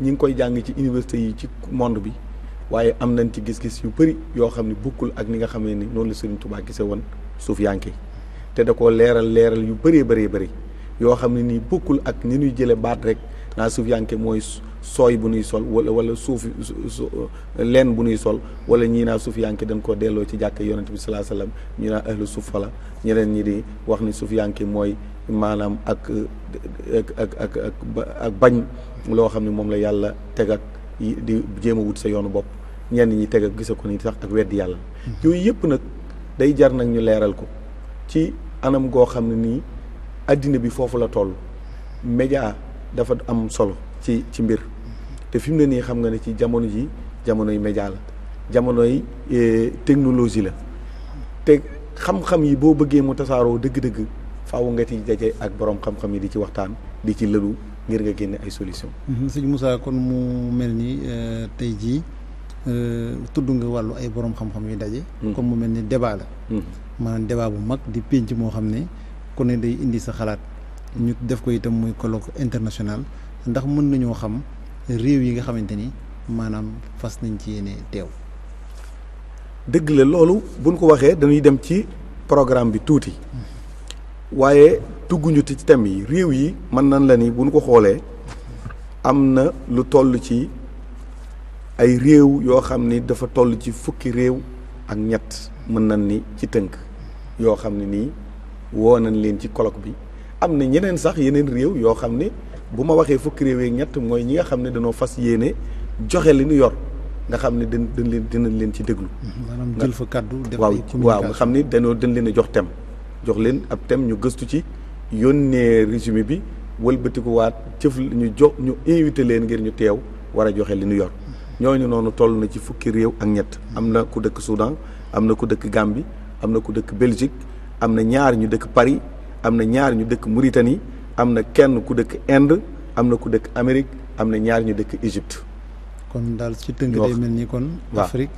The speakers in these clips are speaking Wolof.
ñi ngi koy jàng ci université yi ci monde bi waaye am nañ ci gis-gis yu bëri yoo xam ne bukkul ak ni nga xam ne ni noonu la Serigne Touba gise woon suuf yanke te da ko leeral leeral yu bëree bëree bëri yoo xam ne nii bukkul ak ni ñuy jële baat rek naa suuf yanke mooy sooy bu nuy sol wala wala suuf leen bu nuy sol wala ñii naa suuf yanke dañ koo delloo ci jàkk yonent bi salaa salaam ñu naa ahlu suuf fa la ñeneen ñi di wax ni suuf yanke mooy maanaam ak ak ak bañ loo xam ne moom la yàlla teg ak di jéem a wut sa yoonu bopp ñenn ñi teg ak gisa ko ni sax ak weddi yàlla hmm. yooyu yëpp nag day jar nag ñu leeral ko ci anam goo xam ne nii addina bi foofu la toll média dafa am solo ci ci mbir hmm. te fi mu ne nii xam nga ne ci jamono ji jamonoy média la jamonoy eh, technologie la te xam-xam yi boo bëggee mu tasaaroo dëgg-dëgg faaw nga ci daje ak boroom xam-xam yi di ci waxtaan di ci lëlu ngir nga génne ay solution mhm, sëñ Moussa kon mu mel ni euh, tey jii euh, tudd nga wàllu ay boroom xam-xam yu daje. Mhm. kon mu mel ni débat la. Mhm. maanaam débat bu mag di pénc moo xam ne kon ne day indi sa xalaat. ñu def ko itam muy colloque international ndax mën nañoo xam réew yi nga xamante ni maanaam fas nañ ci yéene teew. dëgg la loolu buñ ko waxee dañuy dem ci programme bi tuuti. waaye tugguñu ci thème yi réew yi mën nañ la ni bu ñu ko xoolee am na lu toll ci ay réew yoo xam ni dafa toll ci fukki réew ak ñett mën nañ ni ci tënk yoo xam ne nii woo nañ leen ci colloque bi am na ñeneen sax yeneen réew yoo xam ne bu ma waxee fukki réew yi ñett mooy ñi nga xam ne dañoo fas yéene joxe li ñu yor nga xam ne dañ dañ leen dinañ leen ci déglu. maanaam jël fa kàddu. def waaw waaw xam ne dañoo dañ leen a jox tem jox leen ab thème ñu gëstu ci yónnee résumé bi wëlbatikuwaat cëf ñu jox ñu invité leen ngir ñu teew war a joxe li ñu yor ñooñu noonu toll na ci fukki réew ak ñett am na ku dëkk Soudan am na ku dëkk Gambie am na ku dëkk Belgique am na ñaar ñu dëkk Paris am na ñaar ñu dëkk Mauritanie am na kenn ku dëkk Inde am na ku dëkk Amérique am na ñaar ñu dëkk Égypte kon daal ci tënk day mel ni kon Afrique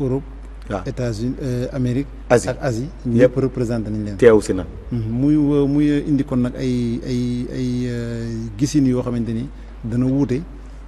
Europe waaw États-Unis euh, Amérique. Asie ak Asie ñëpp représenté nañ leen. teew si nag mhm. muy euh, muy indi kon nag ay ay ay euh, gisin yoo xamante ni dana wuute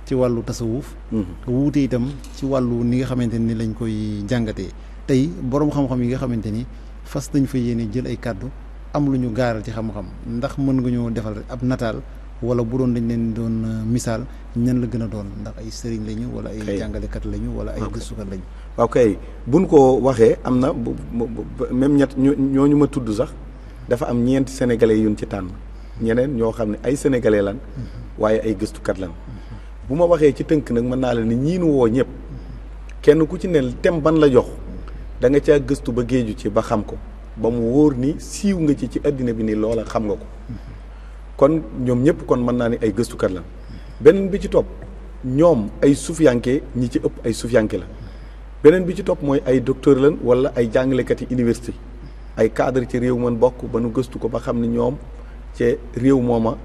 ci wàllu tasawuf mhm. wuute itam ci wàllu ni nga xamante ni lañ koy jàngatee. tey borom xam-xam yi nga xamante ni fas nañ fa yéene jël ay kàddu am lu ñu gaaral ci xam-xam ndax mën nga ñoo defal ab nataal. wala bu doon dañ leen doon euh, misaal ñan la gën a doon ndax ay sëriñ lañu wala ay jàngalekat lañu wala ay gëstukat lañu waaw kay buñ ko waxee am na même ñett ñoo ñu ma tudd sax dafa am ñeenti sénégalais yuñ ci tànn ñeneen ñoo xam ne ay sénégalais lan mhm. waaye ay gëstukat lan bu ma waxee ci tënk nag mën naa la ni ñiinu woo ñëpp kenn ku ci ne tem ban la jox da nga caa gëstu ba géeju ci ba xam ko ba mu wóor ni siiw nga ci ci àddina bi ni loola xam nga ko kon ñoom ñëpp kon mën naa ni ay gëstukat la beneen bi ci topp ñoom ay suufiyanke ñi ci ëpp ay suufiyanke la beneen bi ci topp mooy ay docteur lan wala ay jàngalekat yi université ay cadre ci réew man bokk ba nu gëstu ko ba xam ne ñoom ci réew mooma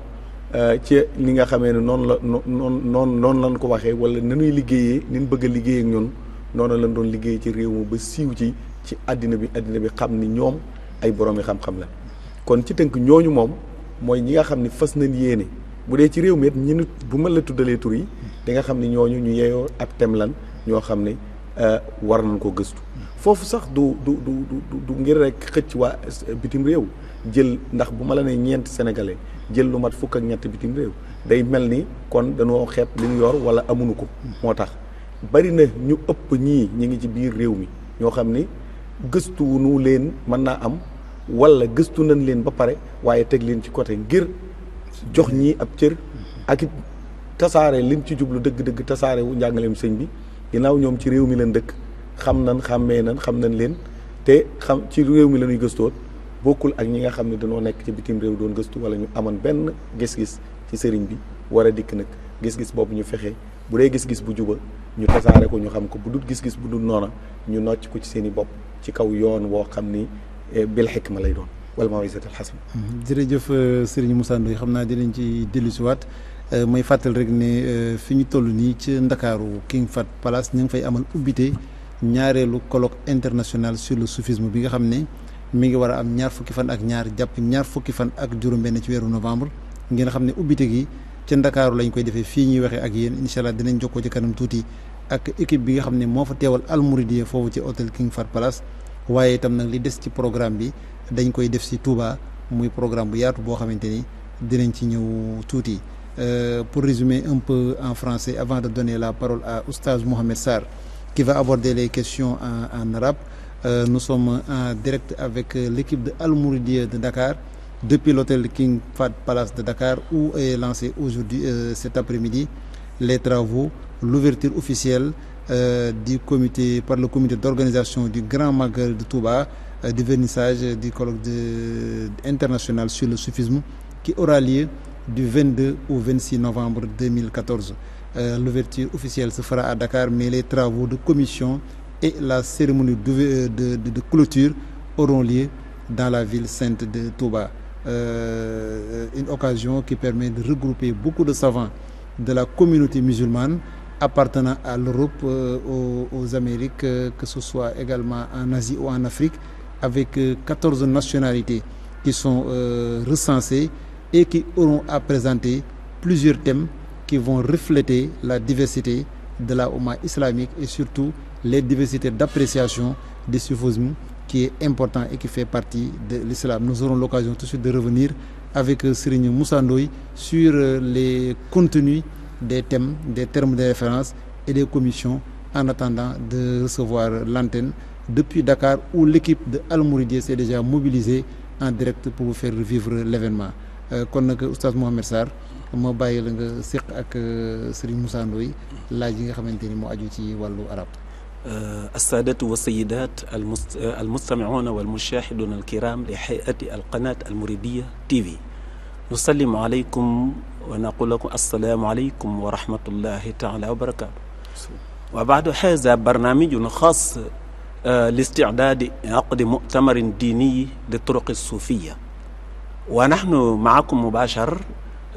euh, ci li nga xamee ne noonu la noon noon noonu lan ko waxee wala nanuy liggéeyee nin bëgg a liggéey ak ñun noonu lan doon liggéey ci réew ma ba siiw ci ci àddina bi àddina bi xam ni ñoom ay boroomi xam-xam la kon ci tënk ñooñu moom mooy ñi nga xam ni fas nañ yéene bu dee ci réew mi it ñi nu bu mën la tuddalee tur yi di nga xam ni ñooñu ñu yeyoo ab tem lan ñoo xam ne euh, war nañ ko gëstu foofu sax du du du du ngir rek xëcc waa euh, bitim réew jël ndax bu ma la nee ñeenti sénégalais jël lu mat fukk ak ñett bitim réew day mel ni kon dañoo xeet li ñu yor wala amuñu ko moo tax bari na ñu ëpp ñii ñi ngi ci biir réew mi ñoo xam ni gëstuwunu leen mën naa am wala gëstu nañ leen ba pare waaye teg leen ci côté ngir jox ñii ab cër akit it tasaare lim ci jublu dëgg-dëgg tasaare wu njàngaleem sëñ bi ginnaaw ñoom ci réew mi leen dëkk xam nan xàmmee nan xam nañ leen te xam ci réew mi la ñuy gëstoon bokkul ak ñi nga xam ne dañoo nekk ci bitim réew doon gëstu wala ñu amoon benn gis-gis ci sëriñ bi wara dikk nag gis-gis boobu ñu fexe bu dee gis-gis bu juba ñu tasaare ko ñu xam ko bu dul gis-gis bu dul noona ñu nocc ko ci seen i bopp ci kaw yoon woo xam ni bil xikma lay doon wal mawisatul xasana mhm. jërëjëf euh, sëriñ Moussa Ndoye xam naa dinañ ci dellusiwaat euh, may fàttali rek ne euh, fi ñu toll nii ci ndakaaru King Fahd Palace ñu ngi fay amal ubbite ñaareelu colloque international sur le bi nga xam ne mi ngi war a am ñaar fukki fan ak ñaar jàpp ñaar fukki fan ak juróom-benn ci weeru novembre ngeen xam ne ubbite gi ca ndakaaru lañ koy defee fii ñuy waxee ak yéen incha allah dinañ jokkoo ci kanam tuuti ak équipe bi nga xam ne moo fa teewal almouridiya foofu ci hôtel King Fahd Palace waaye itam nag li des ci programme bi dañ koy def si Touba muy programme bu yaatu boo xamante ni dinañ ci ñëw tuuti euh, pour résumer un peu en français avant de donner la parole à Oustaz Mohamed Sarr qui va aborder les questions en en arabe euh, nous sommes en direct avec euh, l'équipe de Al Mouridiyyah de Dakar depuis l'hôtel King Fahd Palace de Dakar où est lancé aujourd'hui euh, cet après-midi les travaux l'ouverture officielle Euh, du comité par le comité d'organisation du Grand Magal de Touba euh, du vernissage du colloque de, international sur le soufisme qui aura lieu du 22 au 26 novembre 2014. Euh, l'ouverture officielle se fera à Dakar, mais les de commission et la cérémonie euh, de, de, de clôture auront dans la ville sainte de Touba. Euh, une occasion qui de regrouper beaucoup de savants de la communauté musulmane appartenant à l'Europe, euh, aux, aux, Amériques, euh, que ce soit également en Asie ou en Afrique, avec 14 euh, nationalités qui sont recensées et qui auront à présenter plusieurs thèmes qui vont refléter la diversité de la Ouma islamique et surtout les diversités d'appréciation des soufismes qui est important et qui fait partie de l'islam. Nous aurons l'occasion tout de suite de revenir avec Sérine Moussandoy sur les contenus des thèmes, des termes de référence et des commissions en attendant de recevoir l'antenne depuis Dakar où l'équipe de Al Mouridiyyah s'est déjà mobilisée en direct pour vous faire vivre l'événement euh, kon nag oustaz Mohamed Sarr ma bàyyi la nga séq ak euh, Serigne Moussa Ndoye laaj yi nga xamante ni moo aju ci wàllu arab euh, assaadatu wa sayidat al mustami'una wal mushahiduna al kiram li hay'ati al qanat al Mouridiyyah TV wa naqul lakum assalaamu aleykum wa rahmatullahi taala wa barakaatu wa baadu haza barnaamijun xaas لاستعداد عقد مؤتمر ديني للطرق الصوفية ونحن معكم مباشر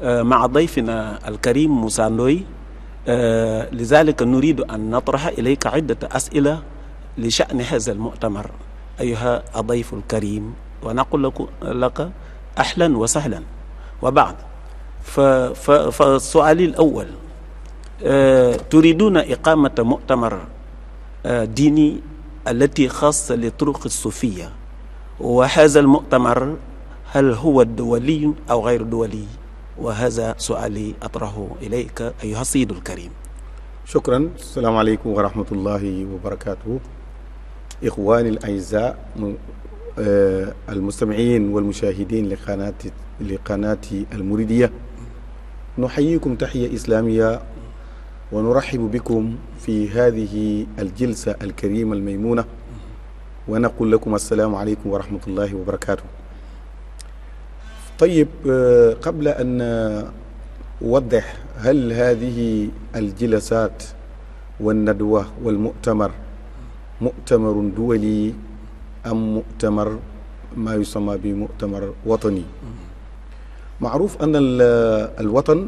مع ضيفنا الكريم موسى نوي لذلك نريد أن نطرح إليك عدة أسئلة لشأن هذا المؤتمر أيها الضيف الكريم ونقول لك, لك أهلا وسهلا وبعد فالسؤال الأول تريدون إقامة مؤتمر ديني التي خاصة لطرق الصوفية وهذا المؤتمر هل هو دولي أو غير دولي وهذا سؤالي أطرحه إليك أيها السيد الكريم شكرا السلام عليكم ورحمة الله وبركاته إخواني الأعزاء المستمعين والمشاهدين لقناة لقناة المريدية nuxayikum taxiya islaamiya wa nuraxibu bikum fi hadihi aljilsa alkarima almaymuna wa naqul lakum assalaamu aleykum wa rahmatullahi wa barakatuh طيب قبل أن أوضح هل هذه الجلسات والندوة والمؤتمر مؤتمر دولي أم مؤتمر ما يسمى بمؤتمر وطني معروف أن الوطن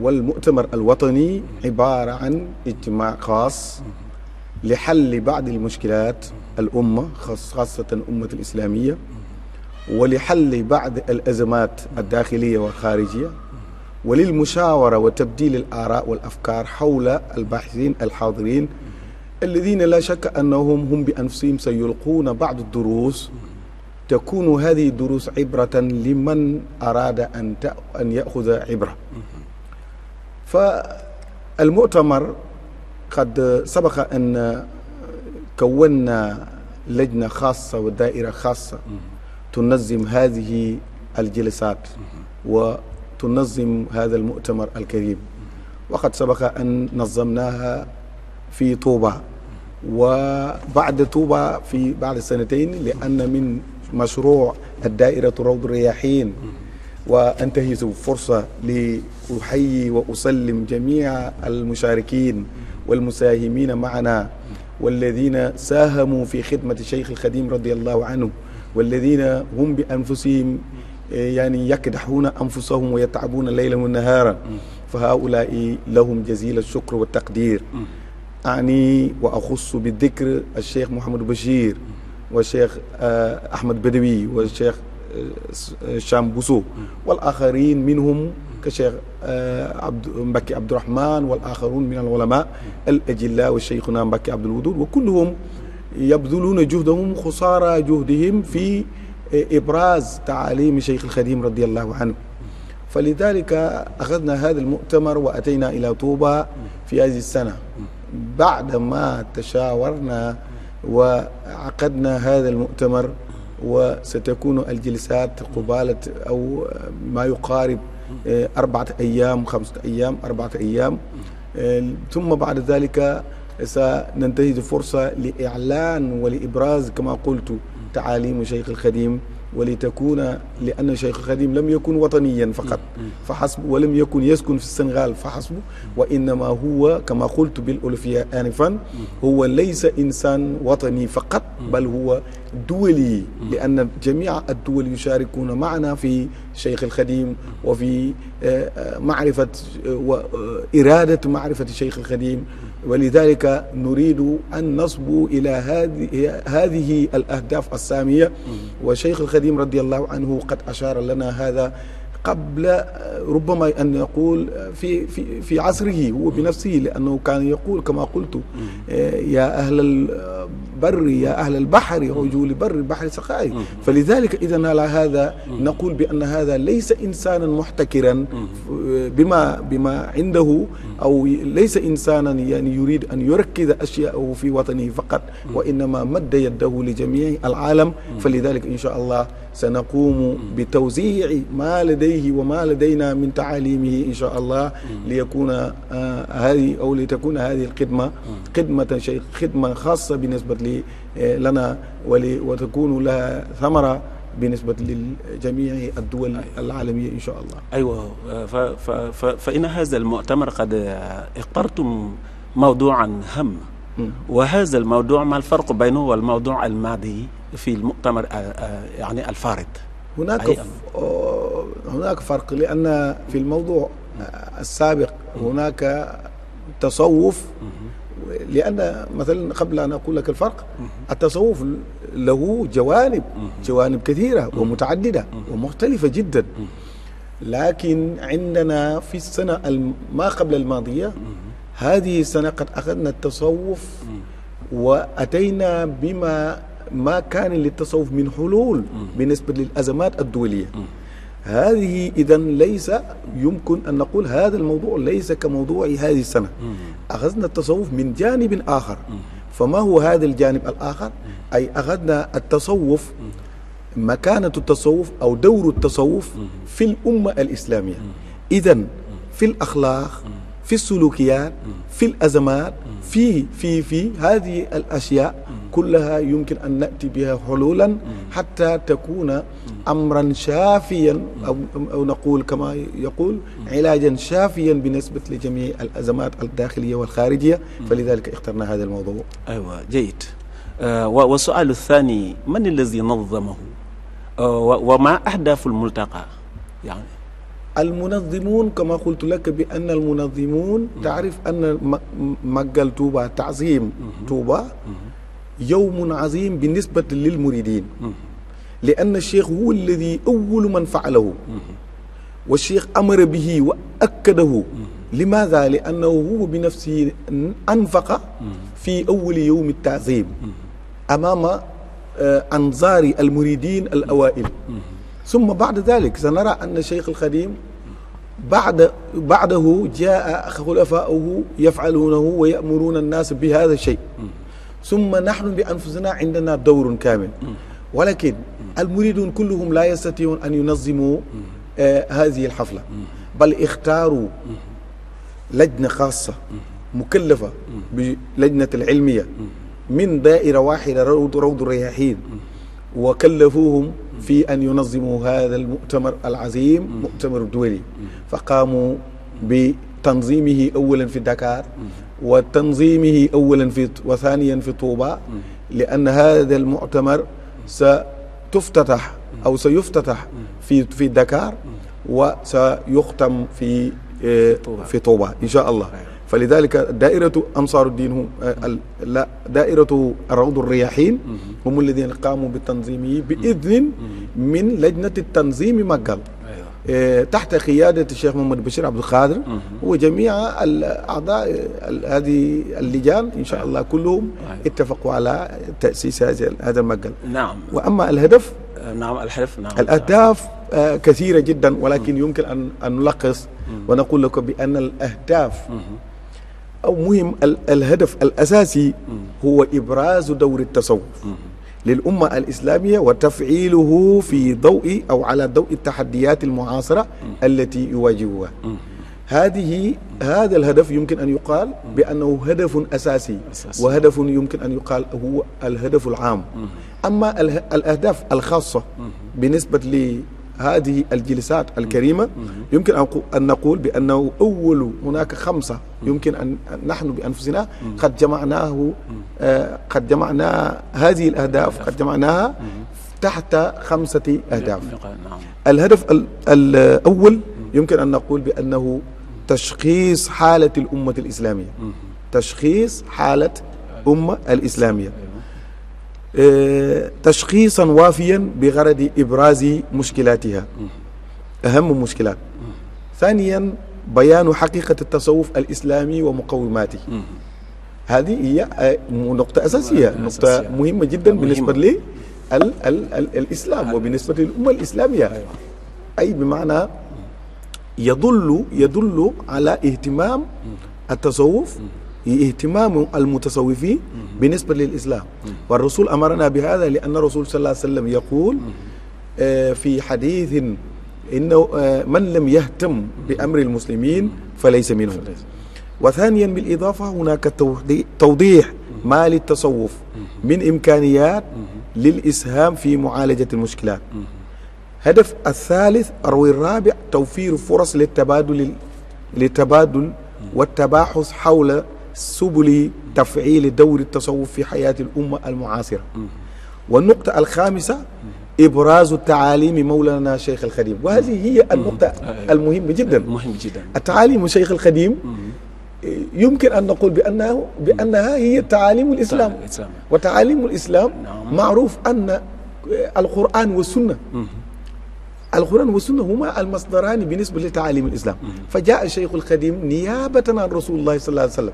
والمؤتمر الوطني عبارة عن اجتماع خاص لحل بعض المشكلات الأمة خاصة أمة الإسلامية ولحل بعض الأزمات الداخلية والخارجية وللمشاورة وتبديل الآراء والأفكار حول الباحثين الحاضرين الذين لا شك أنهم هم بأنفسهم سيلقون بعض الدروس takunu hadihi durus ibratan liman arada an ta an yaxuda ibra فالمؤتمر قد سبق أن كونا لجنة خاصة ودائرة خاصة تنظم هذه الجلسات وتنظم هذا المؤتمر الكريم وقد سبق أن نظمناها في طوبة وبعد طوبة في بعد سنتين لأن من مشروع الدائرة روض الرياحين وأنتهز فرصة لأحيي وأسلم جميع المشاركين والمساهمين معنا والذين ساهموا في خدمة الشيخ الخديم رضي الله عنه والذين هم بأنفسهم يعني يكدحون أنفسهم ويتعبون ليلا ونهارا فهؤلاء لهم جزيل الشكر والتقدير أعني وأخص بالذكر الشيخ محمد بشير والشيخ أحمد بدوي والشيخ شام بوسو والآخرين منهم كشيخ عبد مبكي عبد الرحمن والآخرون من العلماء الأجلاء وشيخنا مبكي عبد الودود وكلهم يبذلون جهدهم خسارى جهدهم في إبراز تعاليم شيخ الخديم رضي الله عنه فلذلك أخذنا هذا المؤتمر وأتينا إلى طوبى في هذه السنة بعدما تشاورنا وعقدنا هذا المؤتمر وستكون الجلسات قبالة أو ما يقارب أربعة أيام خمسة أيام أربعة أيام ثم بعد ذلك سننتهز فرصة لإعلان ولإبراز كما قلت تعاليم شيخ الخديم ولتكون لأن الشيخ الخديم لم يكن وطنيا فقط فحسب ولم يكن يسكن في السنغال فحسب وإنما هو كما قلت بالألفية آنفا هو ليس إنسان وطني فقط بل هو دولي لأن جميع الدول يشاركون معنا في الشيخ الخديم وفي معرفة وإرادة معرفة الشيخ الخديم ولذلك نريد أن نصبو إلى هذه هذه الأهداف السامية وشيخ الخديم رضي الله عنه قد أشار لنا هذا قبل ربما أن يقول في في في عصره هو بنفسه لأنه كان يقول كما قلت يا أهل البر يا أهل البحر عجوا لبر بحر سقائي فلذلك إذا على هذا نقول بأن هذا ليس إنسانا محتكرا بما بما عنده أو ليس إنسانا يعني يريد أن يركز أشياءه في وطنه فقط وإنما مد يده لجميع العالم فلذلك إن شاء الله sa naquumu bi tawsiici maa ladayhi wa maa ladaynaa min taalimihi inshaa allah li yakuna hadi aw li takuna hadihi alxidma xidmatan shay xidma xaasa bi nisbat li lana wa li wa takunu laha thamara bi nisbat lil jamii adduwal alaalamiya inshaa allah aywa fa fa fa fa in hada almutamar qad iqartum mawduan ham wa hada almawdu ma alfarqu baynahu wal mawdu almaadi في المؤتمر يعني الفارض هناك هناك فرق لان في الموضوع السابق هناك تصوف لان مثلا قبل ان اقول لك الفرق التصوف له جوانب جوانب كثيره ومتعدده ومختلفه جدا لكن عندنا في السنه ما قبل الماضيه هذه السنه قد اخذنا التصوف واتينا بما ما كان للتصوف من حلول بالنسبة للأزمات الدولية هذه إذا ليس يمكن أن نقول هذا الموضوع ليس كموضوع هذه السنة أخذنا التصوف من جانب آخر فما هو هذا الجانب الآخر أي أخذنا التصوف مكانة التصوف أو دور التصوف في الأمة الإسلامية إذا في الأخلاق fi sulukiyaat fi azamaat fii fii fii hadihi al ashyaa kullaha yumkin an nati biha xululan xatta takuna amran shaafiyan aw aw naqul kama yaqul ilaajan shaafiyan bi nisbat li jamii al azamaat al daaxiliya wal xaarijiya fa lidalika ixtarna hada al mawdu aywa jayid uh, wa sualu thani man allazi nadamahu uh, wa ma ahdafu al multaqa yani almunadimuun kama qultu laka bi ann almunadimuun taarif ann màggal tuuba taazim tuuba yowmun azim bi nisbati lil muridin li ann cheikh huwa alladi awalu man faalahu wa cheikh amara bihi wa akkadahu limaada li annahu huwa bi nafsihi anfaqa fi awali yowmi taazim amaama anzaari almuridin al awail summa baada dalik sanara ann cheikh alxadim bada badahu jaa xulafaauhu yafaluunahu wa yamuruuna annaas bi hada shay summa nahnu bi anfusina indana dawrun kaamil walakin almuridun kulluhum laa yastatiun an yunazimu hadihi alxafla bal ixtaaru lajna xaasa mukallafa bi lajnati alcilmiya min daaira waaxida rawdu rayaxiin wa kallafuhum fi an yunazimu hada al mutamar al azim mutamar duwali fa qaamu bi tanzimihi awalan fi dakar wa tanzimihi awalan fi wa thaniyan fi tuuba li an hada al mutamar sa tuftatax aw sa yuftatax fi fi dakar wa sa yuxtam fi fi tuuba insha allah فلذلك دائرة أنصار الدين هم لا دائرة الروض الرياحين هم الذين قاموا بتنظيمه بإذن من لجنة التنظيم مقال تحت قيادة الشيخ محمد بشير عبد القادر وجميع أعضاء هذه اللجان إن شاء الله كلهم اتفقوا على تأسيس هذا المقال نعم وأما الهدف نعم الهدف نعم الأهداف كثيرة جدا ولكن يمكن أن نلخص ونقول لكم بأن الأهداف مهم الهدف الأساسي هو إبراز دور التصوف للأمة الإسلامية وتفعيله في ضوء أو على ضوء التحديات المعاصرة التي يواجهها هذه هذا الهدف يمكن أن يقال بأنه هدف أساسي وهدف يمكن أن يقال هو الهدف العام أما الأهداف الخاصة بالنسبة هذه الجلسات الكريمة يمكن أن نقول بأنه أول هناك خمسة يمكن أن نحن بأنفسنا قد جمعناه قد جمعنا هذه الأهداف قد جمعناها تحت خمسة أهداف الهدف الأول يمكن أن نقول بأنه تشخيص حالة الأمة الإسلامية تشخيص حالة أمة الإسلامية تشخيصا وافيا بغرض إبراز مشكلاتها أهم مشكلات ثانيا بيان حقيقة التصوف الإسلامي ومقوماته هذه هي نقطة أساسية نقطة مهمة جدا مهمة. بالنسبة لي ال ال ال الإسلام وبالنسبة للأمة الإسلامية أي بمعنى يدل يدل على اهتمام التصوف اهتمام المتصوفين بالنسبة للإسلام والرسول أمرنا بهذا لأن الرسول صلى الله عليه وسلم يقول في حديث إنه من لم يهتم بأمر المسلمين فليس منهم وثانيا بالإضافة هناك توضيح ما للتصوف من إمكانيات للإسهام في معالجة المشكلات هدف الثالث أو الرابع توفير فرص للتبادل للتبادل والتباحث حول subuli tafciili dawri tasawuf fi xayaati alumma almucaasira wa nuqta alxaamisa إبراز تعاليم مولانا الشيخ الخديم وهذه هي النقطة المهمة جدا مهم جدا التعاليم الشيخ الخديم يمكن أن نقول بأنه بأنها هي تعاليم الإسلام وتعاليم الإسلام معروف أن القرآن والسنة القرآن والسنة هما المصدران بالنسبة لتعاليم الإسلام فجاء الشيخ القديم نيابة عن رسول الله صلى الله عليه وسلم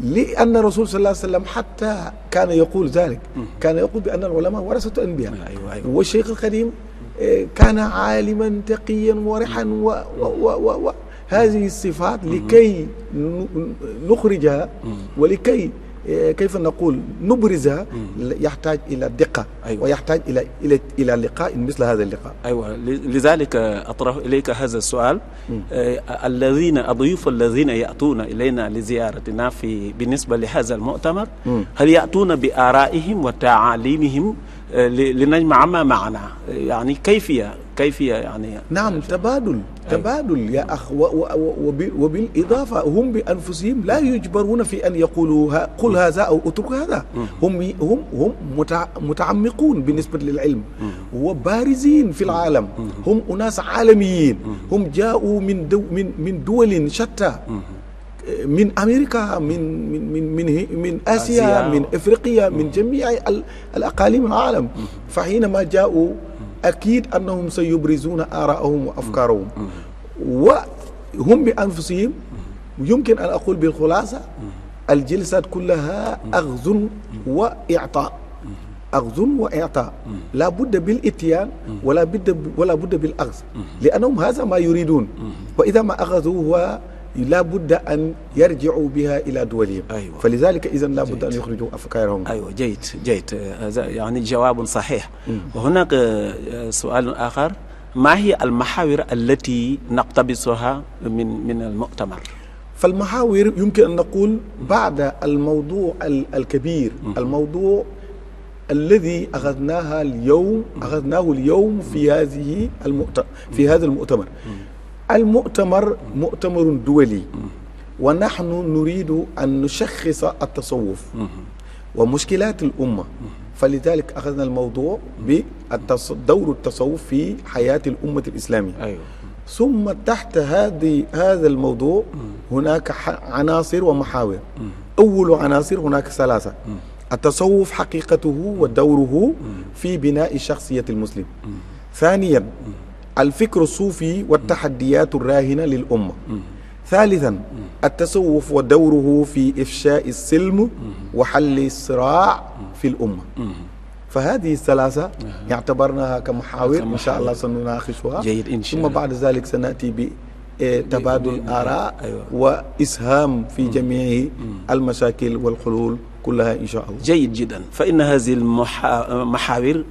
لأن الرسول صلى الله عليه وسلم حتى كان يقول ذلك كان يقول بأن العلماء ورثة الأنبياء والشيخ القديم كان عالما تقيا ورحا و, و, و, و هذه الصفات لكي نخرجها ولكي كيف نقول نبرزها يحتاج إلى دقة أيوة. ويحتاج إلى إلى إلى لقاء مثل هذا اللقاء أيوة لذلك أطرح إليك هذا السؤال آه الذين الضيوف الذين يأتون إلينا لزيارتنا في بالنسبة لهذا المؤتمر م. هل يأتون بآرائهم وتعاليمهم لنجمع ما معنا يعني كيفية كيفية يعني نعم تبادل تبادل يا أخ وبالإضافة هم بأنفسهم لا يجبرون في أن يقولوا قل هذا أو اترك هذا هم هم هم متعمقون بالنسبة للعلم وبارزين في العالم هم أناس عالميين هم جاءوا من دو من من دول شتى من امريكا من من من من, من آسيا, اسيا من افريقيا من جميع الاقاليم العالم فحينما جاءوا akid annahum sa yubrisuuna aaraahum wa afkaarahum mm-hmm. Mm-hmm. wa hum bi anfusihim yumkin an aqul bil xulaasa mm-hmm. al jilsat kullaha axzun wa ita axzun wa ita la budda bil ityaan wala budda wala budda bil axz li annahum haza ma yuriduun wa ida ma axazuhu laa budda an yarji'u biha ila duwalihim fa lidhalika idhan laa budda an yukhrijuu afkaarahum aywa jayyid jayyid yaani jawaab sahih wa hunaaka su'aal aaxar maa hiya al-mahaawir allatii naqtabisuhaa min min al-mu'tamar فالمحاور يمكن أن نقول بعد الموضوع الكبير الموضوع الذي أخذناها اليوم أخذناه اليوم في هذه المؤتمر في هذا المؤتمر al mu'tamar mu'tamarun duwali wa nahnu nuridu an nushakhisa at tasawuf wa mushkilat al umma فلذلك أخذنا الموضوع بدور التصوف في حياة الأمة الإسلامية أيوة. ثم تحت هذه هذا الموضوع هناك عناصر ومحاور أول عناصر هناك ثلاثة التصوف حقيقته ودوره في بناء شخصية المسلم ثانيا alfikru suufi wa taxaddiyaatu raahina lil umma thalithan altasawuf wa dawruhu fi ifshaai silm wa xalli siraa fi l umma fa hadihi salaasa yactabarnaha ka maxaawir insha allah sanunaaxisuha summa bacda zalik sanati bi tabaadul araa wa isham fi jamici almashaakil walxulul كلها إن شاء الله جيد جدا فإن هذه المحاور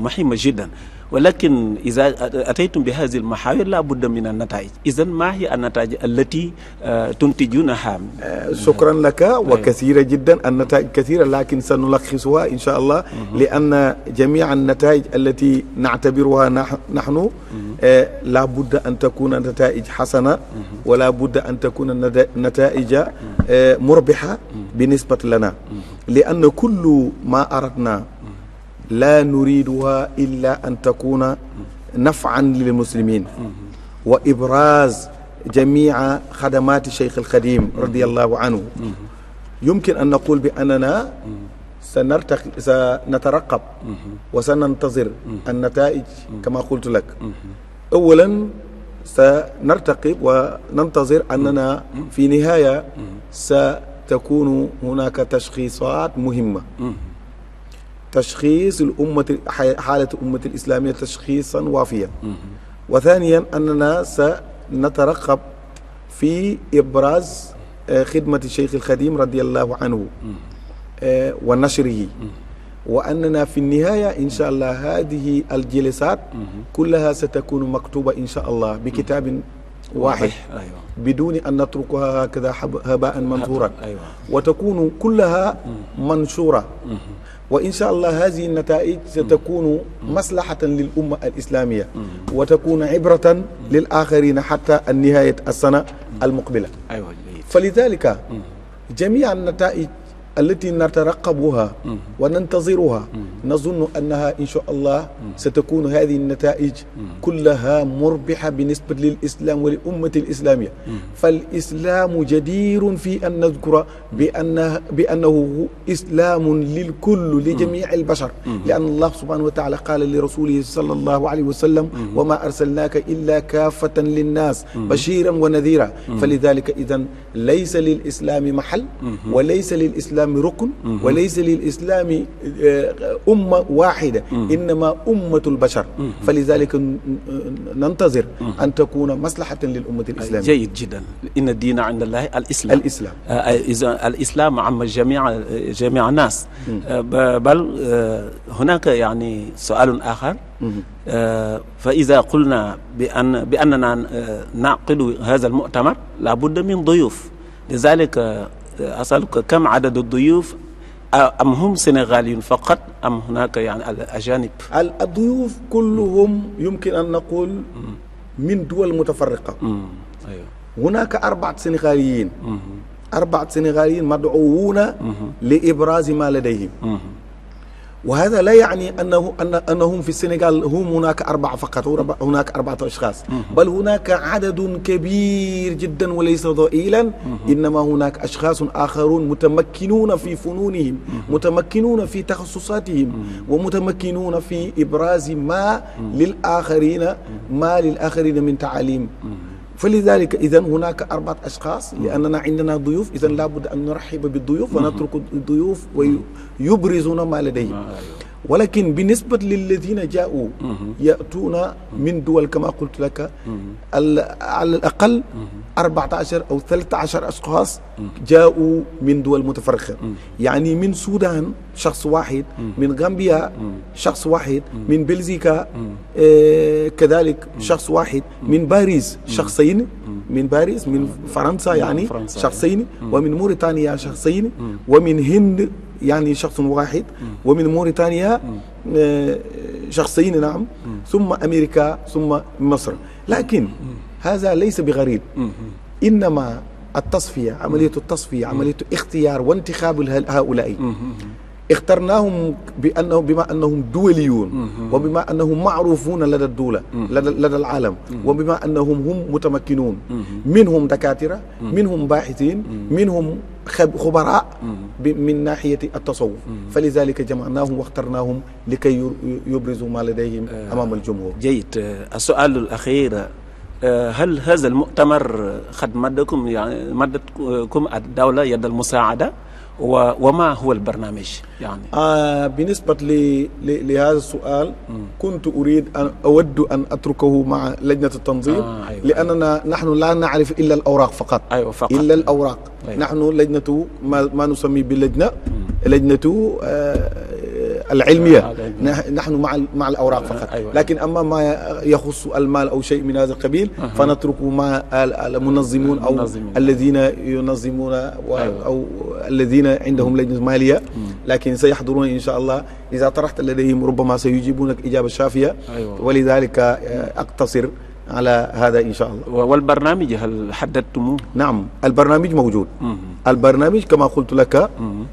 مهمة جدا ولكن إذا أتيتم بهذه المحاور لا بد من النتائج إذا ما هي النتائج التي تنتجونها شكرا لك وكثيرة جدا النتائج كثيرة لكن سنلخصها إن شاء الله لأن جميع النتائج التي نعتبرها نحن لا بد أن تكون نتائج حسنة ولا بد أن تكون نتائج مربحة بالنسبة لنا لأن كل ما أردنا la nuriduha illa an takuna naf'an lil muslimin wa ibraz جميع خدمات شيخ الخديم رضي الله عنه يمكن أن نقول بأننا سنرتق... سنترقب وسننتظر النتائج كما قلت لك أولا سنرتقب وننتظر أننا في نهاية ستكون هناك تشخيصات مهمة تشخيص الأمة حالة الأمة الإسلامية تشخيصا وافيا وثانيا أننا سنترقب في إبراز خدمة الشيخ الخديم رضي الله عنه ونشره وأننا في النهاية إن شاء الله هذه الجلسات كلها ستكون مكتوبة إن شاء الله بكتاب واحد أيوة. بدون أن نتركها هكذا هباء منثورا أيوة. وتكون كلها منشورة wa incha allah hadihi nataij satakunu maslahatan lil umma al islamia mm. wa takunu ibratan lil axarina xata an nihayat alsana almuqbila fa lidalika mm. jamia nataij التي نترقبها وننتظرها نظن أنها إن شاء الله ستكون هذه النتائج كلها مربحة بالنسبة للإسلام وللأمة الإسلامية فالإسلام جدير في أن نذكر بأنه, بأنه إسلام للكل لجميع البشر لأن الله سبحانه وتعالى قال لرسوله صلى الله عليه وسلم وما أرسلناك إلا كافة للناس بشيرا ونذيرا فلذلك إذا ليس للإسلام محل وليس للإسلام islami rukun mhm. wa laysa lil islami eh, umma waxida mhm. innama ummatu lbachar mhm. fa lidalika nantazir an takuna maslahatan lil ummati lislami jayid jiddan inna diina inda allahi al islam al islam eh, al islam amma jamia eh, jamia nas bal hunaka yani sualun axar فإذا قلنا بأن بأننا نعقد هذا المؤتمر لابد من ضيوف لذلك أسألك كم عدد الضيوف أم هم سنغاليون فقط أم هناك يعني الأجانب الضيوف كلهم يمكن أن نقول من دول متفرقة أيوه. هناك أربعة سنغاليين أربعة سنغاليين مدعوون لإبراز ما لديهم وهذا لا يعني أنه أن أنهم في السنغال هم هناك أربعة فقط هناك أربعة أشخاص بل هناك عدد كبير جدا وليس ضئيلا إنما هناك أشخاص آخرون متمكنون في فنونهم متمكنون في تخصصاتهم ومتمكنون في إبراز ما للآخرين ما للآخرين من تعاليم fa lidalika idan hunaka arbaat ashxaas li annana indana duyuf idan laa budda an nuraxiba bi duyuf wa natruku duyuf wa yubrisuuna ma ladayhim walakin bi nisbat lilladina jaau mhm. yatuuna min duwal kama qultu laka mhm. ala al aqal mhm. arbaata ashar aw thalata ashar ashxaas jaau min duwal mutafariqa yaani min sudan shaxs waxid min gambia shaxs waxid min belzika eh, kadalik shaxs waxid min paris shaxsayn من باريس من فرنسا يعني شخصين ومن موريتانيا شخصين ومن هند يعني شخص واحد ومن موريتانيا شخصين نعم ثم أمريكا ثم مصر لكن هذا ليس بغريب إنما التصفية عملية التصفية عملية اختيار وانتخاب هؤلاء اخترناهم بانه بما انهم دوليون وبما انهم معروفون لدى الدوله لدى, لدى العالم وبما انهم هم متمكنون منهم دكاتره منهم باحثين منهم خبراء من ناحيه التصوف فلذلك جمعناهم واخترناهم لكي يبرزوا ما لديهم امام الجمهور جيد السؤال الاخير هل هذا المؤتمر قد مدكم يعني مدتكم الدوله يد المساعده وما هو البرنامج يعني آه بالنسبة لهذا السؤال م. كنت أريد أن أود أن أتركه مع لجنة التنظيم آه أيوة لأننا أيوة. نحن لا نعرف إلا الأوراق فقط, أيوة فقط. إلا الأوراق أيوة. نحن لجنة ما, ما نسمي بلجنة م. لجنة آه العلمية نحن مع مع الأوراق فقط لكن أما ما يخص المال أو شيء من هذا القبيل فنتركه مع المنظمون أو الذين ينظمون أو الذين عندهم لجنة مالية لكن سيحضرون إن شاء الله إذا طرحت لديهم ربما سيجيبونك إجابة شافية ولذلك أقتصر على هذا ان شاء الله والبرنامج هل حددتموه نعم البرنامج موجود مم. البرنامج كما قلت لك مم.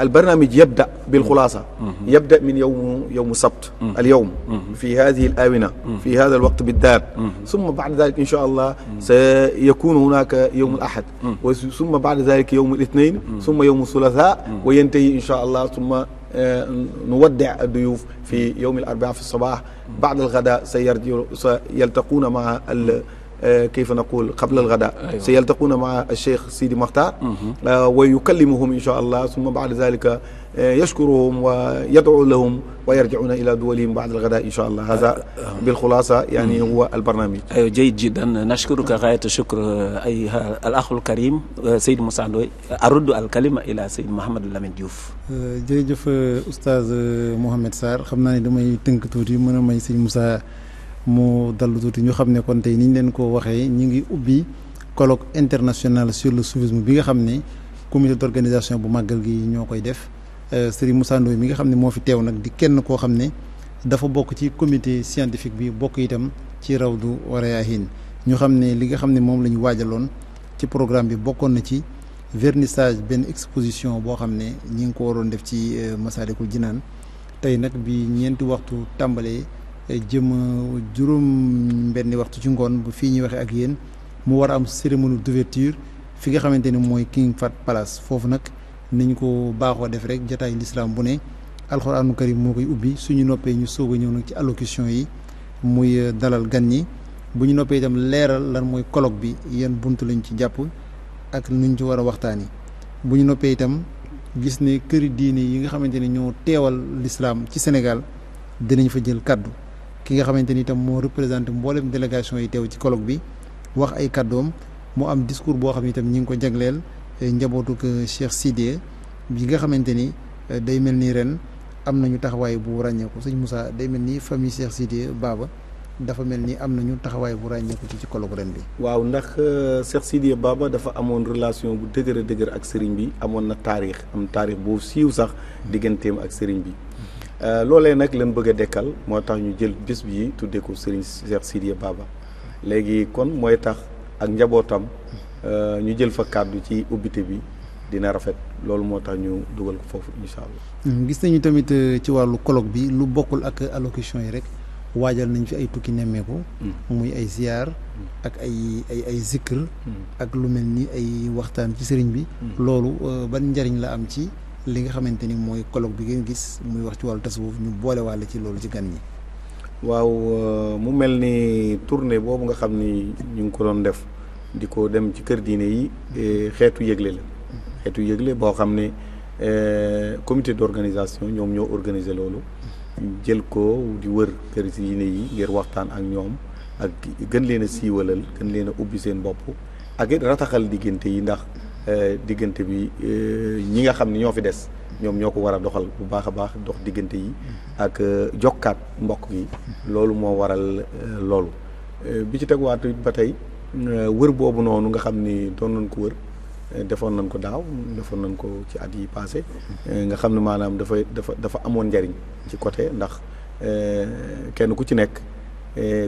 البرنامج يبدأ بالخلاصة يبدأ من يوم يوم السبت اليوم في هذه الآونة في هذا الوقت بالذات ثم بعد ذلك إن شاء الله سيكون هناك يوم الأحد ثم بعد ذلك يوم الاثنين ثم يوم الثلاثاء وينتهي إن شاء الله ثم نودع الضيوف في يوم الأربعاء في الصباح بعد الغداء سيلتقون مع كيف نقول قبل الغداء أيوة. سيلتقون مع الشيخ سيدي مختار ويكلمهم إن شاء الله ثم بعد ذلك يشكرهم ويدعو لهم ويرجعون إلى دولهم بعد الغداء إن شاء الله هذا بالخلاصة يعني هو البرنامج أيوة جيد جدا نشكرك غاية الشكر أيها الأخ الكريم سيد مسعد أرد الكلمة إلى سيد محمد لامين Diouf jërëjëf Oustaz Mouhamed Sarr xam naa ne damay tënk tuuti mën a may sëñ Moussa mu dallu tuuti ñu xam ne kon tey ni ñu leen ko waxee ñu ngi ubbi colloque international sur le soufisme bi nga xam ne comité d'organisation bu màggal gi ñoo koy def euh, Serigne Moussa Ndoye mi nga xam ne moo fi teew nag di kenn koo xam ne dafa bokk ci commité scientifique bi bokk itam ci Rawdu Rayaahin ñu xam ne li nga xam ne moom la ñu waajaloon ci programme bi bokkoon na ci vernissage benn exposition boo xam ne ñi ngi ko waroon def ci euh, Masaalikul Jinaan tey nag bi ñeenti waxtu tàmbalee jëm juróom benni waxtu ci ngoon bu fii ñuy waxee ak yéen mu war a am cérémonie d'ouverture fi nga xamante ni mooy King fat Palace foofu nag nañ ko baaxoo def rek jataayu lislaam bu ne alxuraanu karim moo koy ubbi suñu noppee ñu soog a ñëw nag ci allocution yi muy euh, dalal gan ñi bu ñu noppee itam leeral lan mooy colloque bi yan bunt lañ ci jàpp ak nuñ ci war a waxtaani bu ñu noppee itam gis ne këri diine yi nga xamante ne ñoo teewal lislaam ci Sénégal dinañ fa jël kàddu ki nga xamante ni itam moo représenté mboolem délégation yi teew ci colloque bi wax ay kàddoom mu am discours boo xam ne itam ñi ngi ko jagleel eh, njabootu Cheikh Sidiye bi nga xamante ni eh, day mel ni ren am nañu taxawaay bu ràññeeku sëñ Moussa day mel ni famille Cheikh Sidiye Baba dafa mel ni am nañu taxawaay bu ràññeeku ci ci colloque ren bi. waaw ndax eh, Cheikh Sidiye baaba dafa amoon relation bu dëgër a dëgër ak sëriñ bi amoon na taarix am taarix bu siiw sax digganteem ak sëriñ bi. Euh, loole nag lañ bëgg a dekkal moo tax ñu jël bis bi tuddee ko Serigne Cheikh Sidiya Baba léegi kon mooy tax ak njabootam euh, ñu jël fa kàddu ci ubbite bi dina rafet loolu moo tax ñu dugal ko foofu incha allah. Hmm, gis nañu tamit euh, ci wàllu colloque bi lu bokkul ak allocution yi rek waajal nañ fi ay tukki nemmeeku. Hmm. muy ay ziar. Hmm. ak ay ay ay zikr. ak lu mel ni ay waxtaan ci sëriñ bi. loolu ban njariñ la am ci. li nga xamante ni mooy colloque bi ngeen gis muy wax ci wàllu tasawuf ñu boole wàll ci loolu ci gan ñi. waaw euh, mu mel ni tournée boobu nga xam ni ñu ngi ko doon def di ko dem ci kër diine yi e, xeetu yëgle la. xeetu yëgle boo xam ne e, comité d'organisation ñoom ñoo organiser loolu. jël ko di wër kër diine yi ngir waxtaan ak ñoom ak gën leen a siiwalal gën leen a ubbi seen bopp ak it rataxal diggante yi ndax. Euh, diggante bi euh, ñi nga xam ni ñoo fi des ñoom ñoo ko war a doxal bu baax a baax dox diggante yi ak euh, jokkaat mbokk yi loolu moo waral loolu bi ci teguwaat ba tey wër boobu noonu nga xam ni doon nañ ko wër defoon nañ ko daaw defoon nañ ko ci at yi passé nga xam ne maanaam dafa dafa dafa amoon njariñ ci côté ndax kenn ku ci nekk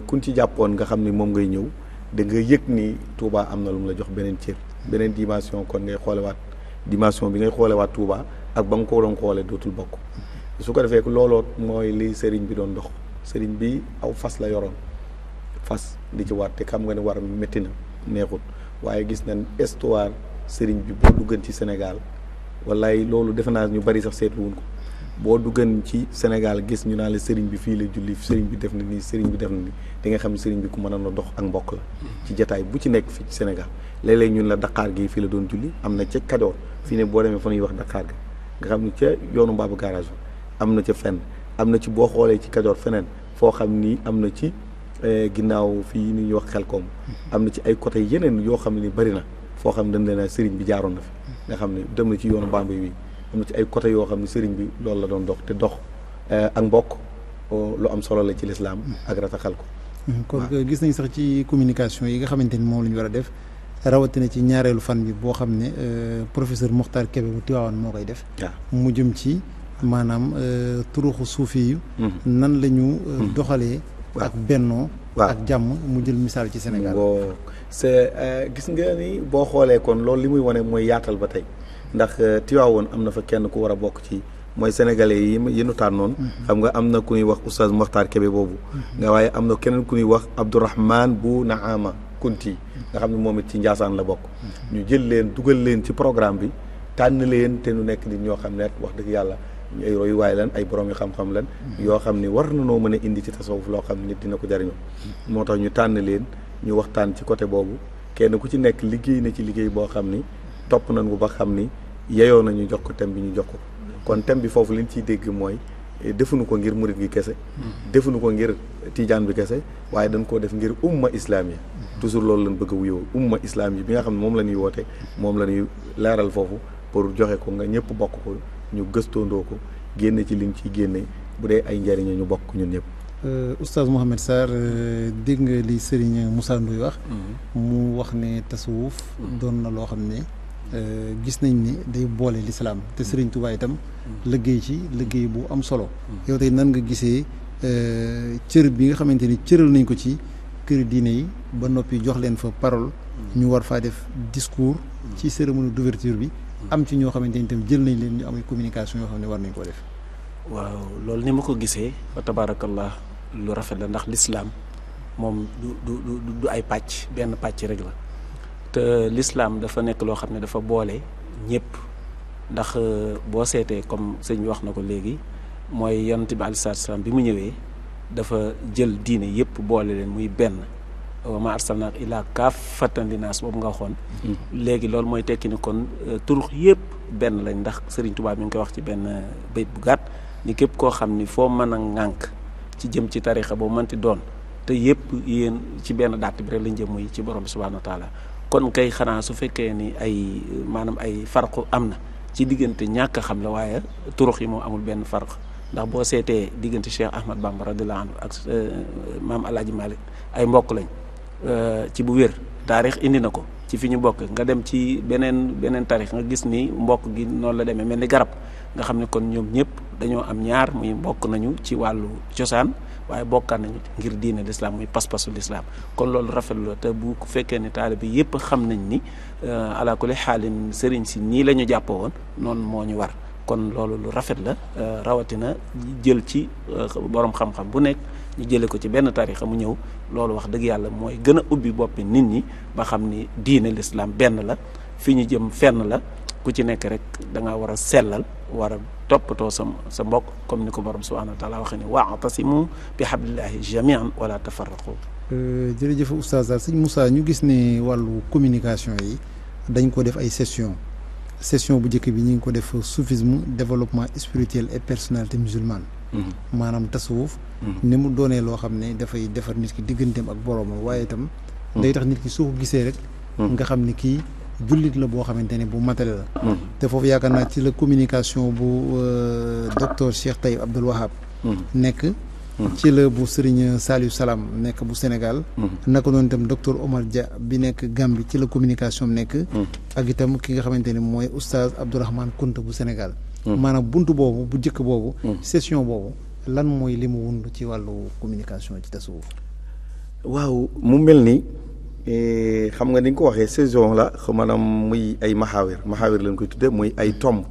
kun ci jàppoon nga xam ni moom ngay ñëw da nga yëg ni tuubaa am na lu mu la jox beneen cër beneen dimension kon ngay xoolewaat dimension bi ngay xoole xoolewaat Touba ak ba nga ko doon xoolee dootul bokk su ko defee looloo mooy li sëriñ bi doon ndox sëriñ bi aw fas la yoroon fas li ci war te xam nga ne war métti na neexul waaye gis na histoire sëriñ bi boo duggan ci Sénégal wallaay loolu defe naa ñu bari sax seetlu ko. boo duggan ci Sénégal gis ñu naa la sëriñ bi fii la julli sëriñ bi def na nii sëriñ bi def na nii di nga xam ne sëriñ bi ku mën a dox ak mbokk la mm-hmm. ci jataay bu ci nekk fii ci Sénégal léeg ñun la Dakar gi fii la doon julli am na ca Kajoor fii ne boo demee fa ñuy wax Dakar ga nga xam ne ca yoonu Mbaabu garage am na ca fenn am na ci boo xoolee ci Kajoor feneen foo xam ni am na ci eh, ginnaaw fii ni ñuy wax xel koom mm-hmm. am na ci ay côté yeneen yoo xam ne bari na foo xam ne dañ leen sëriñ bi jaaroon na mm-hmm. nga xam ne dem na ci yoonu Bambey wi am na ci ay côté yoo xam ne sëriñ bi loolu la doon dox te dox eh, ak mbokk lu am solo la ci lislaam ak rataxal ko mm-hmm. kon gis nañ sax ci communication yi nga xamante ni moom la ñu war a def rawatina ci ñaareelu fan bi boo xam ne eh, professeur Mokhtar Kébé bu Tiwaawan moo koy def mu jëm ci maanaam eh, turuxu suufi mm-hmm. nan la ñu mm-hmm. doxalee ak bennoo ak jàmm mu jël misaal ci Sénégal c'est gis nga ni boo xoolee kon loolu li muy wane mooy yaatal ba tey ndax euh, Tiwaawoon am na fa kenn ku war a bokk ci mooy sénégalais yi yi nu tànnoon mhm. xam nga am na ku ñuy wax oustaz Mokhtar Kébé boobu mhm. waaye am na keneen ku ñuy wax Abdourahman bu Naama Kunti mhm. nga xam ne moom it ci Njaasaan la bokk ñu jël leen dugal leen ci programme bi tànn leen te nu nekk nit ñoo xam ne wax dëgg yàlla ay royu waay lan ay borom yu xam-xam lan yoo xam ne war na noo mën a indi ci tasawuf loo xam ne nit dina ko jariñoo moo tax ñu tànn leen ñu waxtaan ci côté boobu kenn ku ci nekk liggéey na ci liggéey boo xam ni topp nañ bu ba xam ni yeyoo nañu jox ko thème bi ñu jox ko kon thème bi foofu li liñ ciy dégg mooy eh, defuñu ko ngir murit gi kese mm-hmm. defuñu ko ngir tijaan bi kese waaye dañ koo def ngir umma yi mm-hmm. toujours loolu lañ bëgg a wuyoo umma islamiya bi nga xam ne moom la ñuy woote moom la ñuy leeral foofu pour joxe ko nga ñëpp bokk ko ñu gëstoondoo ko génne ci liñ ciy génne bu dee ay njëriña ñu bokk ñun ñëpp euh, oustaz Mouhamed Sarr euh, dégg nga li Serigne Moussa Ndoye wax mm-hmm. mu wax ne tasawuf doon na loo xam ne Euh, gis nañ ni day boole lislaam te Serigne Touba itam liggéey ci liggéey bu am solo yow tey nan nga gisee euh, cër bi nga xamante ni cëral nañ ko ci kër diine yi ba noppi jox leen fa parole ñu war faa def discours ci cérémonie d'ouverture bi am ci ñoo xamante ni itam jël nañ leen ñu amee ay communication yoo xam ne war nañ koo def waaw loolu ni ma ko gisee fa tabaarakallah lu rafet la ndax lislaam moom du du du ay pàcc benn pàcc rek la te lislaam dafa nekk loo xam ne dafa boole ñëpp ndax euh, boo seetee comme sëñ wax na ko léegi mooy yonent bi aleyhi salaatu wa bi mu ñëwee dafa jël diine yëpp boole leen muy benn wa ma arsalnaaka illaa kaafatan linnaas boobu nga waxoon hmm. léegi loolu mooy tekki ni kon euh, turux yëpp benn lañ ndax Sëriñ Tuubaa mi ngi koy wax ci benn euh, bayit bu gàtt ni képp koo xam ni foo mën a ŋànk ci jëm ci tarixa boo mënti doon te yëpp yéen ci benn daat bi rek lañ jëm mooy ci borom bi subhaanahu wa kon kay xanaa su fekkee ni ay maanaam ay farq am na ci diggante ñàkk xam la waaye turux yi moo amul benn farq ndax boo seetee diggante Cheikh Ahmad Bamba radiyallahu anhu ak euh, maam Alaaji Malik ay mbokk lañ euh, ci bu wér taarix indi na ko ci fi ñu mbokk nga dem ci beneen beneen taarix nga gis ni mbokk gi noonu la demee mel ni garab nga xam ne kon ñoom ñëpp dañoo am ñaar muy mbokk nañu ci wàllu cosaan waaye bokkaat nañu ngir diine lislaam muy pas-pasu lislaam kon loolu rafetlu la te bu ku fekkee ne taalibe yépp xam nañ ni euh, ala kulli xaalin sëriñ si nii la ñu jàpp woon noonu moo ñu war kon loolu lu rafet la euh, rawatina jël ci euh, borom xam-xam bu nekk ñu jëlee ko ci benn tarixa mu ñëw loolu wax dëgg yàlla mooy gën a ubbi boppi nit ñi ba xam ni diine lislaam benn la fi ñu jëm fenn la ku ci nekk rek da nga war a sellal war toppatoo sa sa mbokk comme ni ko borom subhanahu wa taala waxee ne wa'tasimu bi hablillahi jamian wala tafarraqu euh, jërëjëf oustaz ñu gis ne wàllu communication yi dañ ko def ay session session bu njëkk bi ñu ngi ko def soufisme développement spirituel et personnalité musulmane mhm. maanaam tasawuf mhm. ni mu doonee loo xam ne dafay defar nit ki digganteem ak boroomam waaye tam mhm. day tax nit ki soo ko gisee rek nga xam ni kii jullit la boo xamante ne bu matale la hmm. te foofu yaakaar naa ci la communication bu euh, docteur Cheikh Taïb Abdoul Wahab hmm. nekk hmm. ci la bu Serigne Saliou Salam nekk bu Sénégal naka noonu itam docteur Omar Dia bi nekk Gambie ci la communication nekk ak itam ki nga xamante ne mooy oustaz Abdourahmane Kounta bu Sénégal maanaam bunt boobu bu njëkk boobu session boobu lan mooy li mu ci wàllu communication ci tasawuf waaw mu mel ni Eh, xam nga ni ko waxee saison la maanaam muy ay maxaawir maxaawir lañ koy tuddee muy ay tomb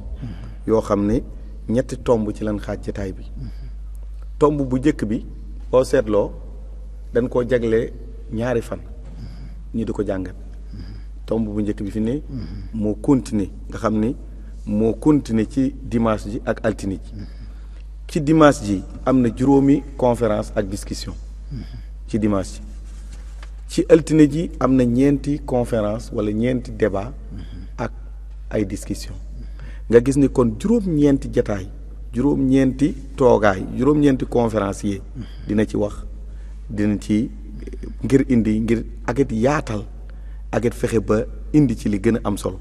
yoo xam ne ñetti tomb ci lañ xaaj ci bi tomb bu njëkk bi oo seetloo dañ koo jagle ñaari fan ñu di ko jàngat tomb bu njëkk bi fi ne moo continuer nga xam ni moo continuer ci dimanche ji ak altine ji ci dimanche ji am na juróomi conférence ak discussion ci dimanche ji ci altine ji am na ñeenti conférence wala ñeenti débat ak ay discussion nga gis ni kon juróom-ñeenti jataay juróom-ñeenti toogaay juróom-ñeenti yi dina ci wax dina ci ngir indi ngir akit yaatal akit fexe ba indi ci li gën a am solo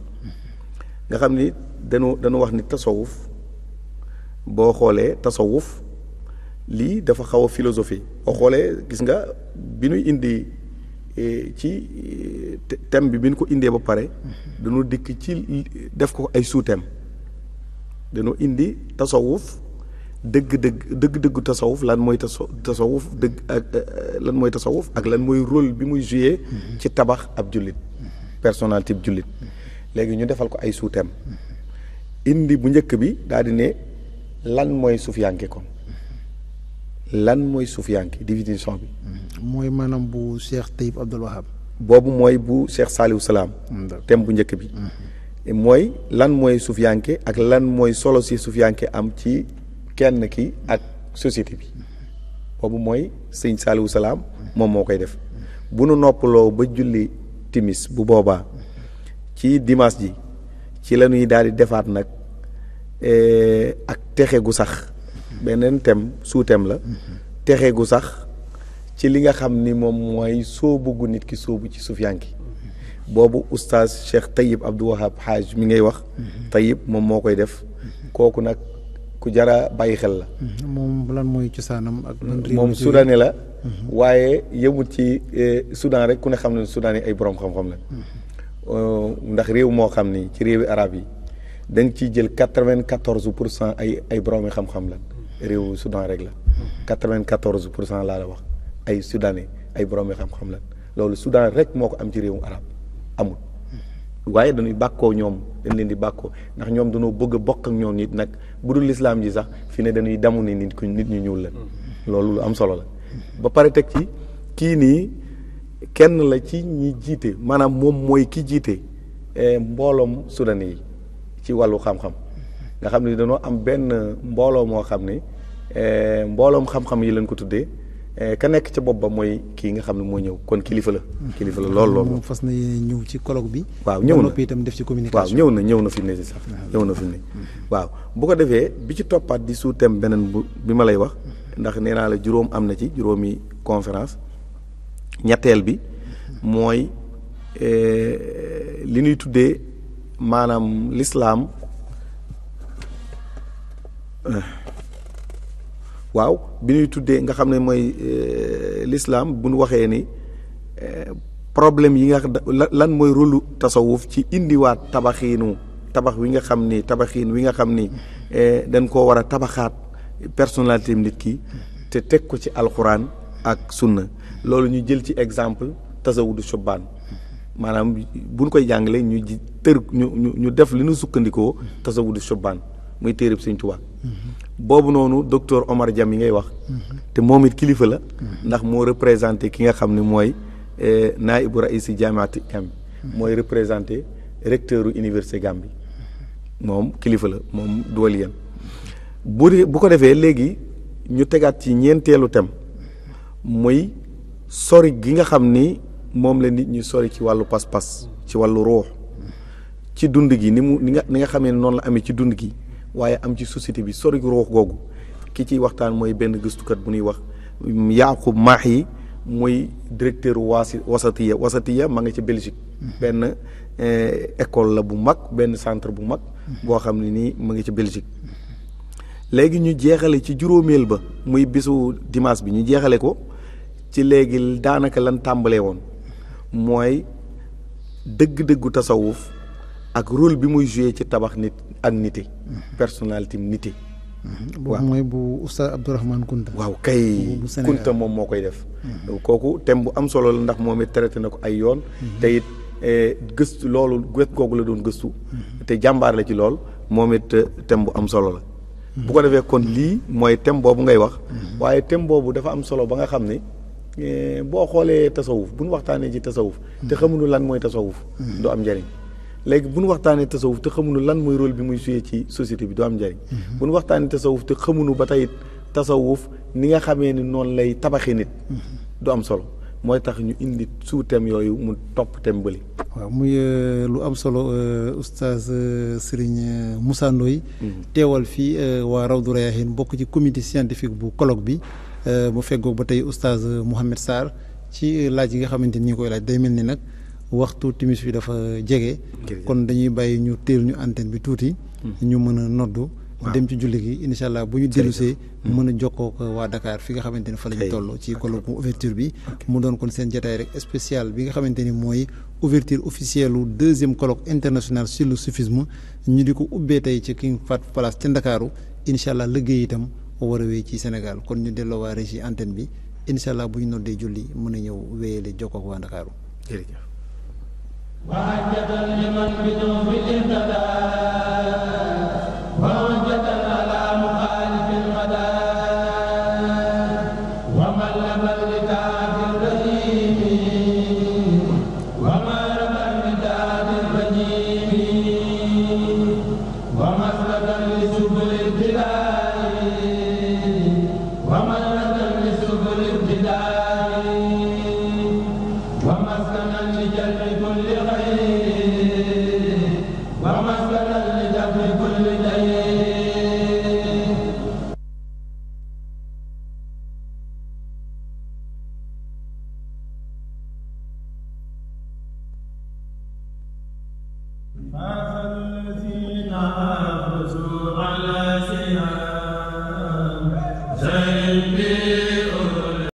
nga xam ni dañu dañu wax ni tasawuf boo xoolee tasawuf lii dafa xaw a philosophie boo xoolee gis nga bi ñuy indi ci thème bi bi ñu ko indee ba pare dañu dikk ci def ko ay sous-thème indi tasawuf dëgg-dëgg dëgg-dëggu tasawuf lan mooy tasa tasawuf dëgg ak lan mooy tasawuf ak lan mooy rôle bi muy joué ci tabax ab jullit personnalité bi jullit léegi ñu defal ko ay sous indi bu njëkk bi daal ne lan mooy suufiyanke ko lan mooy suufiyanke définition bi mooy maanaam bu Cheikh Tayyib Abdul Wahab boobu mooy bu Cheikh Saliou Salaam thème bu njëkk bi mhm. mooy lan mooy suufiyanke ak lan mooy solo si suufiyanke am ci kenn ki ak société bi boobu mooy sëñ Saliou Salaam moom moo koy def bu nu noppaloo ba julli timis bu boobaa ci dimaas ji ci la ñuy daal di defaat nag eh, ak texe gu sax mhm. beneen thème sous la mhm. texe gu sax ci li nga xam ni moom mooy soo bëggu nit ki soobu ci sufiyanki boobu oustaz Cheikh Tayyib Abdou Wahab Haaj mi ngay wax Tayyib moom moo koy def kooku nag ku jara bàyyi xel la moom lan mooy cosaanam ak moom soudanais la mhm. waaye yëmut ci eh, soudan rek ku ne xam ne soudan ay borom xam-xam la mhm. oh, ndax réew moo xam ni ci réewi arab yi da nga ciy jël quatre-vingt-quatorze pour cent ay ay borom xam-xam la réewu sudan rek la mhm. quatre-vingt-quatorze pour cent laa la wax ay soudanais ay borom xam-xam lan loolu soudan rek moo ko am ci réewum arab amul waaye dañuy bàkkoo ñoom dañ leen di bàkkoo ndax ñoom dañoo bëgg a bokk ak ñoom nit nag bu dul lislaam ji sax fi ne dañuy damu ni nit ku nit ñu ñuul lan loolu lu am solo la ba pare teg ci kii nii kenn la ci ñi jiite maanaam moom mooy ki jiite eh, mbooloom soudanais yi ci wàllu xam-xam nga xam ne dañoo am benn mbooloo moo xam ne eh, mbooloom xam-xam yi lañ ko tuddee Eh, ka nekk ca bopp ba mooy kii nga xam ne moo ñëw kon kilifa la. Mm. kilifa la lool lool moom fas na yéene ñëw ci colloque bi. waaw ñëw na noppi def ci communication. ñëw na ñëw na fi mu ne si sax ñëw na fi mu mm-hmm. waaw bu ko defee bi ci toppaat di sous thème beneen bu bi ma lay wax mm-hmm. ndax nee la juróom am na ci juróomi conférence ñetteel bi mm-hmm. mooy eh, li ñuy tuddee maanaam lislaam. Eh, waaw bi ñuy tuddee nga xam ne mooy euh, lislaam bu ñu waxee ni euh, problème yi nga lan mooy rôlu tasawuf ci indiwaat tabaxiinu tabax wi nga xam ni tabaxiin wi nga xam ni euh, dañ koo war a tabaxaat personnalité nit ki te teg ko ci alxuraan ak sunna loolu ñu jël ci exemple tasawudu shubbaan maanaam buñ koy jàngalee ñu ji tër ñu ñu def li nu sukkandikoo tasawudu shubbaan muy téereb Sëñ Tuubaa boobu noonu docteur Omar Dia mi ngay wax te moom it kilifa la ndax moo représenté ki nga xam ni mooy eh, naibu raisi jaamaati Gambie mooy représenté recteur université Gambie moom kilifa la moom dool yéen bu bu ko defee léegi ñu tegaat ci ñeenteelu tem muy sori gi nga xam ni moom la nit ñi sori ci wàllu pas-pas ci wàllu ruux ci dund gi ni mu ni nga ni nga xamee noonu la amee ci dund gi waaye am ci société bi sori ruux googu ki ciy waxtaan mooy benn gëstukat bu ñuy wax Yaaqub Maax yi muy directeur waasi wasatiya wasatiya ma ngi ci Belgique mhm. benn eh, école la bu mag benn centre bu mag mhm. boo xam ne nii mu ngi ci Belgique léegi ñu jeexale ci juróomeel ba muy bisu dimaas bi ñu jeexale ko ci léegi daanaka lan tàmbalee woon mhm. mooy dëgg-dëggu tasawuf ak rôle bi muy joué ci tabax nit ak nité mhm. personnalité nité mhm. waaw mooy bu oustaz Abdourahmane Kunta waaw kay Kunta moom moo koy def mhm. kooku thème bu am solo la ndax moom it traité na ko ay yoon te it eh, gëstu loolu wet kooku la doon gëstu te jàmbaar la ci lool moom it eh, thème bu am solo la bu ko defee kon lii mooy thème boobu ngay wax waaye thème boobu dafa am solo ba nga xam ne eh, boo xoolee tasawuf bu nu waxtaanee ci tasawuf te xamuñu lan mooy tasawuf du am njëriñ léegi bu ñu waxtaanee tasawuf te xamuñu lan mooy rôle bi muy suyee ci société bi du am njëriñ. Mhm. bu ñu waxtaanee tasawuf te xamunu ba tey tasawuf ni nga xamee ni noonu lay tabaxi nit. Mhm. du am solo mooy tax ñu indi suuteem yooyu mu topp thème bële. waaw muy euh, lu am solo euh, oustaz euh, Serigne Moussa Ndoye mhm. teewal fii waa Rawdu Rayaahiin bokk ci comité scientifique bu colloque bi mu feggoog ba tey oustaz Mouhamed Sarr ci laaj yi nga xamante ni ñu koy laaj day mel ni nag. waxtu timis bi dafa jege. kon dañuy bàyyi ñu teel ñu antenne bi tuuti. Hmm. ñu mën a noddu. dem ci julli gi incha allah bu ñu dellusee hmm. mën a jokkoo waa Dakar fi nga xamante ni fa lañu toll ci colloque ouverture bi mu doon kon seen jataay rek spécial bi nga xamante ni mooy ouverture officielle lu deuxième colloque international sur le ñu di ko ubbee tey ci King Fahd Palace ci Ndakaaru incha allah liggéey itam war a wéy ci Sénégal kon ñu delloo waa régie antenne bi incha allah bu ñu noddee julli mën a ñëw wéyale jokkoo ko waa Ndakaaru jërëjëf وعجبا لمن بدون اهتدى